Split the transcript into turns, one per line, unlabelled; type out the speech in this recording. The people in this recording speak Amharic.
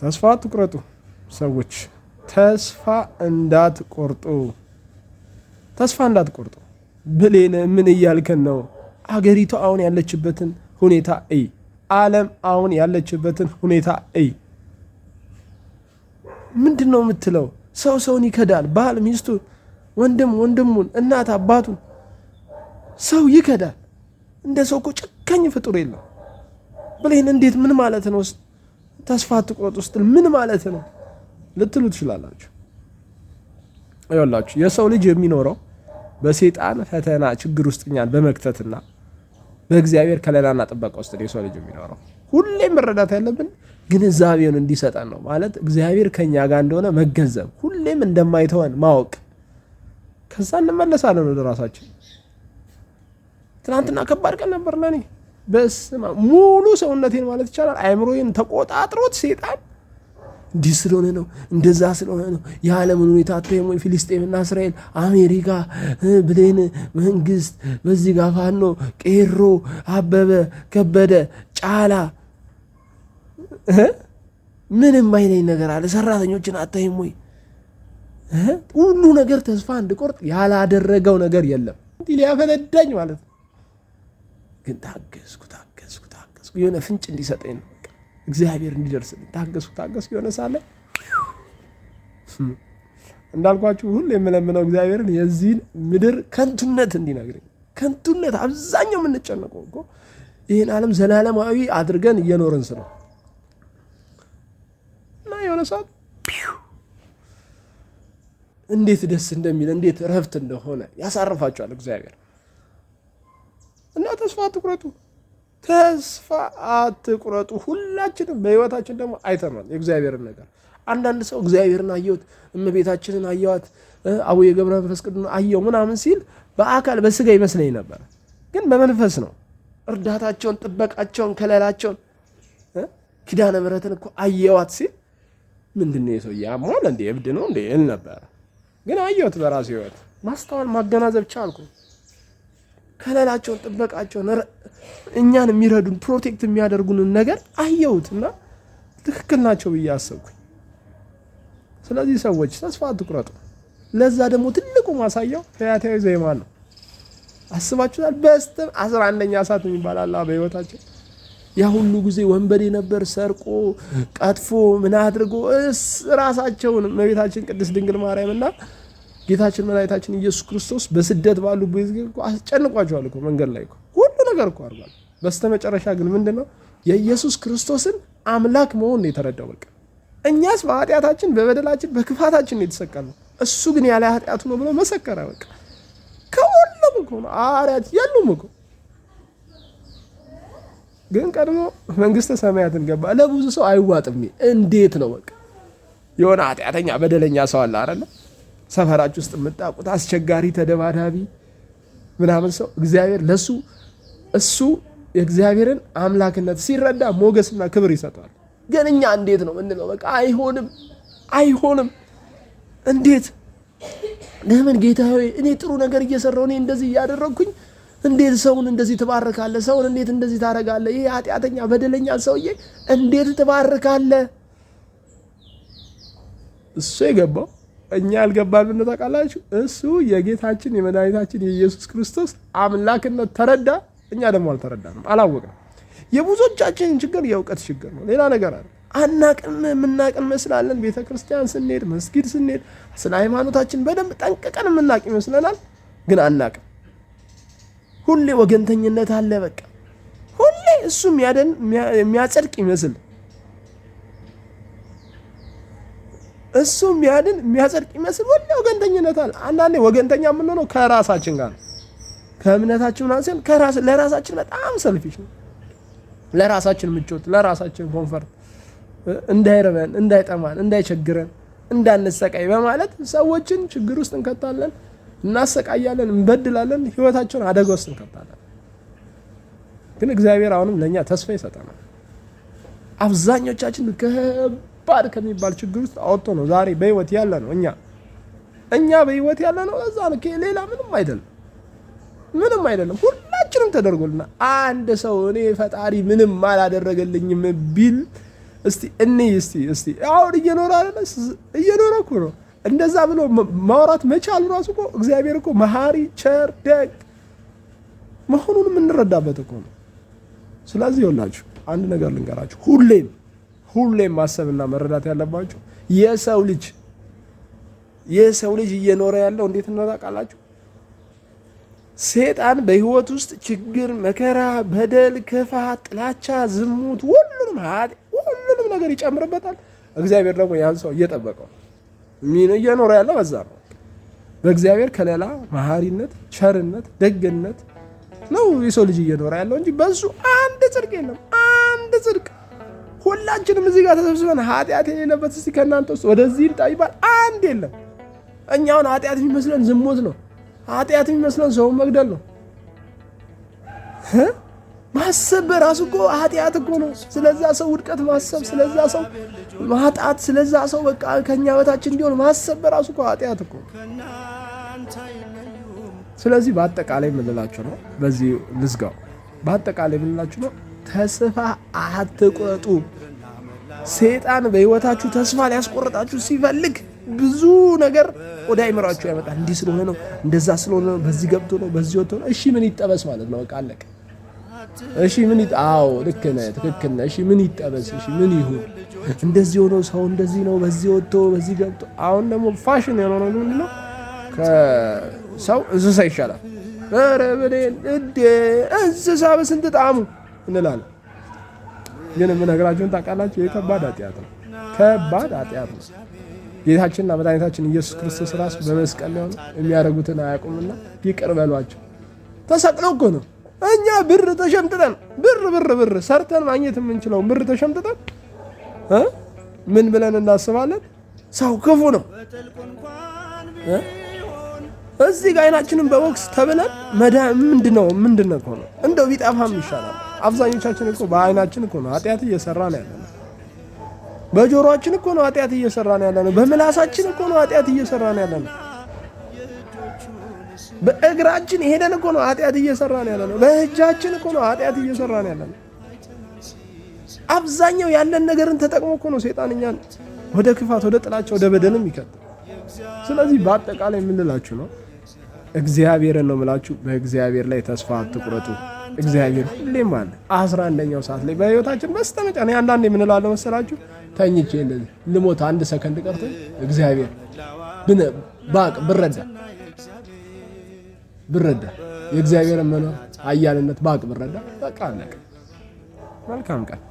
ተስፋ አትቁረጡ ሰዎች፣ ተስፋ እንዳትቆርጡ ተስፋ እንዳትቆርጡ። ብሌን ምን እያልከን ነው? አገሪቱ አሁን ያለችበትን ሁኔታ እይ። ዓለም አሁን ያለችበትን ሁኔታ እይ። ምንድን ነው የምትለው? ሰው ሰውን ይከዳል። ባል ሚስቱ ወንድም ወንድሙን፣ እናት አባቱን ሰው ይከዳል። እንደ ሰው እኮ ጨካኝ ፍጡር የለም። ብሌን እንዴት ምን ማለት ነው? ተስፋ አትቁረጥ ውስጥ ምን ማለት ነው ልትሉ ትችላላችሁ። ይኸውላችሁ የሰው ልጅ የሚኖረው በሴጣን ፈተና ችግር ውስጥ እኛን በመክተትና በእግዚአብሔር ከለላና ጥበቃ ውስጥ የሰው ልጅ የሚኖረው ሁሌም መረዳት ያለብን ግንዛቤውን እንዲሰጠን ነው። ማለት እግዚአብሔር ከኛ ጋር እንደሆነ መገንዘብ፣ ሁሌም እንደማይተወን ማወቅ። ከዛ እንመለሳለን ወደ ራሳችን። ትናንትና ከባድ ቀን ነበር ለእኔ። በስመ አብ ሙሉ ሰውነቴን ማለት ይቻላል አእምሮዬን ተቆጣጥሮት ሴጣን እንዲህ ስለሆነ ነው፣ እንደዛ ስለሆነ ነው የዓለምን ሁኔታ አትሞ ፊልስጤምና እስራኤል፣ አሜሪካ፣ ብሌን መንግስት፣ በዚህ ጋ ፋኖ፣ ቄሮ፣ አበበ ከበደ፣ ጫላ ምንም አይለኝ ነገር አለ። ሰራተኞችን አታይም ወይ? ሁሉ ነገር ተስፋ እንድቆርጥ ያላደረገው ነገር የለም። እንዲህ ሊያፈነዳኝ ማለት ነው። ግን ታገዝኩ ታገዝኩ ታገዝኩ የሆነ ፍንጭ እንዲሰጠኝ ነው እግዚአብሔር እንዲደርስልኝ ታገዝኩ ታገዝኩ የሆነ ሳለ እንዳልኳችሁ ሁሉ የምለምነው እግዚአብሔርን የዚህን ምድር ከንቱነት እንዲነግረኝ ከንቱነት አብዛኛው የምንጨነቀው እኮ ይህን ዓለም ዘላለማዊ አድርገን እየኖርን ስለው እና የሆነ ሰዓት እንዴት ደስ እንደሚል እንዴት እረፍት እንደሆነ ያሳርፋቸዋል እግዚአብሔር። ተስፋ አትቁረጡ፣ ተስፋ አትቁረጡ። ሁላችንም በህይወታችን ደግሞ አይተናል የእግዚአብሔርን ነገር። አንዳንድ ሰው እግዚአብሔርን አየሁት፣ እመቤታችንን አየዋት፣ አቡነ ገብረ መንፈስ ቅዱስን አየው ምናምን ሲል በአካል በስጋ ይመስለኝ ነበር፣ ግን በመንፈስ ነው። እርዳታቸውን፣ ጥበቃቸውን፣ ከለላቸውን ኪዳነ ምሕረትን እኮ አየዋት ሲል ምንድን ነው የሰውዬ እንዴ? እብድ ነው እንዴ? እል ነበር። ግን አየሁት በራሴ ህይወት ማስተዋል ማገናዘብ ቻልኩ። ከለላቸውን፣ ጥበቃቸውን፣ እኛን የሚረዱን ፕሮቴክት የሚያደርጉንን ነገር አየሁት እና ትክክል ናቸው ብዬ አሰብኩኝ። ስለዚህ ሰዎች ተስፋ አትቁረጡ። ለዛ ደግሞ ትልቁ ማሳያው ፈያታዊ ዘየማን ነው። አስባችሁታል? በስተ አስራ አንደኛ ሰዓት የሚባል አላ በህይወታቸው ያ ሁሉ ጊዜ ወንበዴ ነበር፣ ሰርቆ ቀጥፎ ምን አድርጎ ራሳቸውን እመቤታችን ቅድስት ድንግል ማርያምና ጌታችን መድኃኒታችን ኢየሱስ ክርስቶስ በስደት ባሉ ጊዜ አስጨንቋቸዋል እኮ መንገድ ላይ እኮ ሁሉ ነገር እኮ አርጓል። በስተመጨረሻ ግን ምንድን ነው የኢየሱስ ክርስቶስን አምላክ መሆን ነው የተረዳው። በቃ እኛስ በኃጢአታችን በበደላችን በክፋታችን ነው የተሰቀልነው፣ እሱ ግን ያለ ኃጢአቱ ነው ብሎ መሰከረ። በቃ ከሁሉም እኮ ነው አርያት የሉም እኮ ግን ቀድሞ መንግስተ ሰማያትን ገባ። ለብዙ ሰው አይዋጥም። እንዴት ነው በቃ የሆነ ኃጢአተኛ በደለኛ ሰው አለ አይደለ ሰፈራች ውስጥ የምታውቁት አስቸጋሪ ተደባዳቢ ምናምን ሰው እግዚአብሔር ለሱ እሱ የእግዚአብሔርን አምላክነት ሲረዳ ሞገስና ክብር ይሰጠዋል። ግን እኛ እንዴት ነው ምንለው? በቃ አይሆንም፣ አይሆንም። እንዴት ለምን ጌታ ሆይ እኔ ጥሩ ነገር እየሰራሁ እኔ እንደዚህ እያደረግኩኝ እንዴት ሰውን እንደዚህ ትባርካለህ? ሰውን እንዴት እንደዚህ ታደርጋለ ይህ ኃጢአተኛ በደለኛ ሰውዬ እንዴት ትባርካለህ? እሱ የገባው እኛ ያልገባን ምን ታውቃላችሁ? እሱ የጌታችን የመድኃኒታችን የኢየሱስ ክርስቶስ አምላክነት ተረዳ። እኛ ደግሞ አልተረዳንም፣ አላወቅንም። የብዙዎቻችን ችግር የእውቀት ችግር ነው። ሌላ ነገር አለ አናቅም። የምናቅን መስላለን። ቤተ ክርስቲያን ስንሄድ፣ መስጊድ ስንሄድ ስለ ሃይማኖታችን በደንብ ጠንቅቀን የምናቅ ይመስለናል፣ ግን አናቅም። ሁሌ ወገንተኝነት አለ። በቃ ሁሌ እሱ የሚያጸድቅ ይመስል እሱ የሚያድን የሚያጸድቅ ይመስል ወላ ወገንተኝነት አለ። አንዳንዴ ወገንተኛ የምንሆነው ከራሳችን ጋር ከእምነታችን አንሰን ከራስ ለራሳችን በጣም ሰልፊሽ ነው። ለራሳችን ምቾት፣ ለራሳችን ኮንፈርት፣ እንዳይረበን፣ እንዳይጠማን፣ እንዳይቸግረን፣ እንዳንሰቃይ በማለት ሰዎችን ችግር ውስጥ እንከታለን፣ እናሰቃያለን፣ እንበድላለን፣ ህይወታቸውን አደጋ ውስጥ እንከታለን። ግን እግዚአብሔር አሁንም ለእኛ ተስፋ ይሰጠናል። አብዛኞቻችን ከባድ ከሚባል ችግር ውስጥ አወጥቶ ነው ዛሬ በህይወት ያለ ነው። እኛ እኛ በህይወት ያለ ነው እዛ ነው። ሌላ ምንም አይደለም፣ ምንም አይደለም። ሁላችንም ተደርጎልና አንድ ሰው እኔ ፈጣሪ ምንም አላደረገልኝም ቢል እስቲ እኔ እስቲ እስቲ አሁን እየኖረ አለ እየኖረ እኮ ነው። እንደዛ ብሎ ማውራት መቻሉ ራሱ እኮ እግዚአብሔር እኮ መሀሪ ቸር ደግ መሆኑን የምንረዳበት እኮ ነው። ስለዚህ ይኸውላችሁ አንድ ነገር ልንገራችሁ ሁሌም ሁሌም ማሰብና መረዳት ያለባችሁ የሰው ልጅ የሰው ልጅ እየኖረ ያለው እንዴት ነው ታውቃላችሁ? ሴጣን በህይወት ውስጥ ችግር፣ መከራ፣ በደል፣ ክፋት፣ ጥላቻ፣ ዝሙት፣ ሁሉንም ሁሉንም ነገር ይጨምርበታል። እግዚአብሔር ደግሞ ያን ሰው እየጠበቀው ሚን እየኖረ ያለው በዛ ነው። በእግዚአብሔር ከለላ፣ መሐሪነት፣ ቸርነት፣ ደግነት ነው የሰው ልጅ እየኖረ ያለው እንጂ በሱ አንድ ጽድቅ የለም። አንድ ጽድቅ ሁላችንም እዚህ ጋር ተሰብስበን ኃጢአት የሌለበት እስቲ ከእናንተ ውስጥ ወደዚህ ይምጣ ይባል አንድ የለም። እኛውን ኃጢአት የሚመስለን ዝሙት ነው። ኃጢአት የሚመስለን ሰውን መግደል ነው። ማሰብ በራሱ እኮ ኃጢአት እኮ ነው። ስለዛ ሰው ውድቀት ማሰብ፣ ስለዛ ሰው ማጣት፣ ስለዛ ሰው በቃ ከእኛ በታች እንዲሆን ማሰብ በራሱ እኮ ኃጢአት እኮ ስለዚህ በአጠቃላይ የምንላችሁ ነው። በዚህ ልዝጋው። በአጠቃላይ የምንላችሁ ነው ተስፋ አትቆጡ። ሰይጣን በህይወታችሁ ተስፋ ሊያስቆርጣችሁ ሲፈልግ ብዙ ነገር ወደ አይምራችሁ ያመጣል። እንዲህ ስለሆነ ነው፣ እንደዛ ስለሆነ ነው፣ በዚህ ገብቶ ነው፣ በዚህ ወጥቶ ነው። እሺ ምን ይጠበስ ማለት ነው? በቃ አለቀ። እሺ ምን ይጥ አዎ፣ ልክ ነህ፣ ትክክል ነህ። እሺ ምን ይጠበስ? እሺ ምን ይሁን? እንደዚህ ሆኖ ሰው እንደዚህ ነው፣ በዚህ ወጥቶ፣ በዚህ ገብቶ። አሁን ደግሞ ፋሽን የሆነው ምንድን ነው? ከሰው እንስሳ ይሻላል። ኧረ ብሌን እንዴ! እንስሳ በስንት ጣዕሙ እንላለን። ግን የምነግራችሁን ታውቃላችሁ፣ ይህ ከባድ ኃጢአት ነው። ከባድ ኃጢአት ነው። ጌታችንና መድኃኒታችን ኢየሱስ ክርስቶስ ራሱ በመስቀል ላይ ሆኖ የሚያደርጉትን አያውቁምና ይቅር በሏቸው። ተሰቅሎ እኮ ነው። እኛ ብር ተሸምጥጠን ብር ብር ብር ሰርተን ማግኘት የምንችለውን ብር ተሸምጥጠን ምን ብለን እናስባለን? ሰው ክፉ ነው። እዚህ ጋር አይናችንን በቦክስ ተብለን መዳ ምንድነው ምንድነው ነው እንደው ቢጠፋም ይሻላል። አብዛኞቻችን እኮ በአይናችን እኮ ነው ኃጢአት እየሰራ ነው ያለ ነው። በጆሮአችን እኮ ነው ኃጢአት እየሰራ ነው ያለ ነው። በምላሳችን እኮ ነው ኃጢአት እየሰራ ነው ያለ ነው። በእግራችን ሄደን እኮ ነው ኃጢአት እየሰራ ነው ያለ ነው። በእጃችን እኮ ነው ኃጢአት እየሰራ ነው ያለ ነው። አብዛኛው ያለን ነገርን ተጠቅሞ እኮ ነው ሰይጣን እኛን ወደ ክፋት፣ ወደ ጥላቻ፣ ወደ በደልም ይከት። ስለዚህ በአጠቃላይ የምንላችሁ ነው እግዚአብሔርን ነው የምላችሁ። በእግዚአብሔር ላይ ተስፋ አትቁረጡ። እግዚአብሔር ሁሌም አለ። አስራ አንደኛው ሰዓት ላይ በህይወታችን በስተመጫ ነው። አንዳንድ የምንላለው መሰላችሁ ተኝቼ እንደዚህ ልሞት አንድ ሰከንድ ቀርቶ እግዚአብሔር ባቅ ብረዳ ብረዳ የእግዚአብሔርን መኖር አያልነት ባቅ ብረዳ በቃ አለቀ። መልካም ቀን